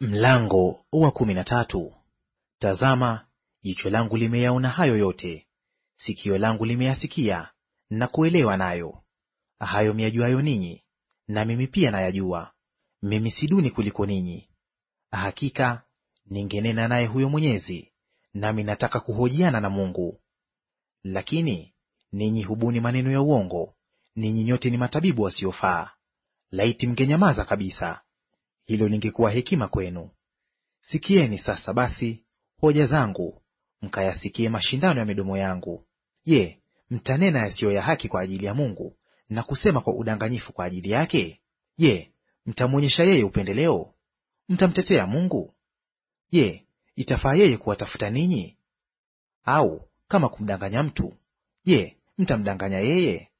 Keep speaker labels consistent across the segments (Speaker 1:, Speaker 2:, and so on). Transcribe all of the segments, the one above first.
Speaker 1: Mlango wa kumi na tatu. Tazama, jicho langu limeyaona hayo yote, sikio langu limeyasikia na kuelewa nayo. Hayo myajuayo ninyi, na mimi pia nayajua; mimi si duni kuliko ninyi. Hakika ningenena naye huyo Mwenyezi, nami nataka kuhojiana na Mungu. Lakini ninyi hubuni maneno ya uongo, ninyi nyote ni matabibu wasiofaa. Laiti mngenyamaza kabisa hilo lingekuwa hekima kwenu. Sikieni sasa basi hoja zangu, mkayasikie mashindano ya midomo yangu. Je, mtanena yasiyo ya haki kwa ajili ya Mungu na kusema kwa udanganyifu kwa ajili yake? Je, mtamwonyesha yeye upendeleo? Mtamtetea Mungu? Je, itafaa yeye kuwatafuta ninyi? Au kama kumdanganya mtu, je, mtamdanganya yeye?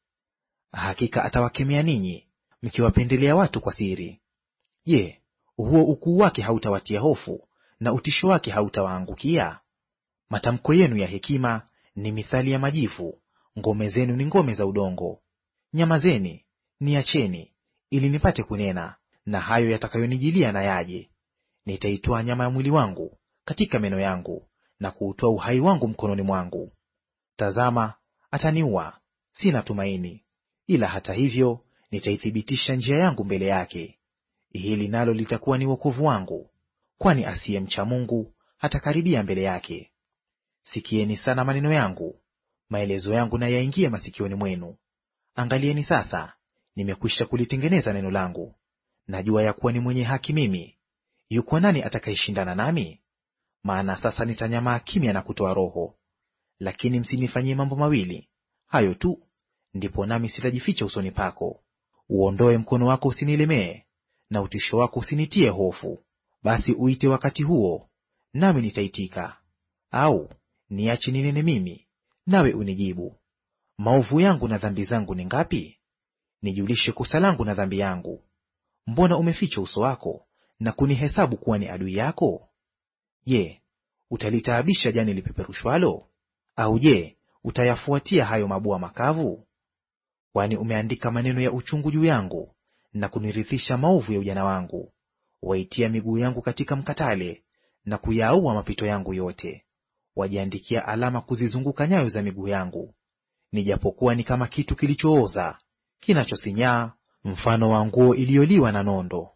Speaker 1: Hakika atawakemea ninyi, mkiwapendelea watu kwa siri. Je, huo ukuu wake hautawatia hofu, na utisho wake hautawaangukia? Matamko yenu ya hekima ni mithali ya majivu, ngome zenu ni ngome za udongo. Nyamazeni, niacheni, ili nipate kunena, na hayo yatakayonijilia na yaje. Nitaitoa nyama ya mwili wangu katika meno yangu, na kuutoa uhai wangu mkononi mwangu. Tazama, ataniua, sina tumaini; ila hata hivyo nitaithibitisha njia yangu mbele yake hili nalo litakuwa ni wokovu wangu, kwani asiyemcha Mungu atakaribia mbele yake. Sikieni sana maneno yangu, maelezo yangu na yaingie masikioni mwenu. Angalieni sasa, nimekwisha kulitengeneza neno langu. Najua ya kuwa ni mwenye haki mimi; yuko nani atakayeshindana nami? Maana sasa nitanyamaa kimya na kutoa roho. Lakini msinifanyie mambo mawili hayo tu, ndipo nami sitajificha usoni pako. Uondoe mkono wako usinilemee, na utisho wako usinitie hofu. Basi uite wakati huo, nami nitaitika, au niache ninene mimi, nawe unijibu. Maovu yangu na dhambi zangu ni ngapi? Nijulishe kosa langu na dhambi yangu. Mbona umeficha uso wako na kunihesabu kuwa ni adui yako? Je, utalitaabisha jani lipeperushwalo? Au je, utayafuatia hayo mabua makavu? Kwani umeandika maneno ya uchungu juu yangu na kunirithisha maovu ya ujana wangu. Waitia miguu yangu katika mkatale, na kuyaua mapito yangu yote. Wajiandikia alama kuzizunguka nyayo za miguu yangu. Nijapokuwa ni kama kitu kilichooza, kinachosinyaa, mfano wa nguo iliyoliwa na nondo.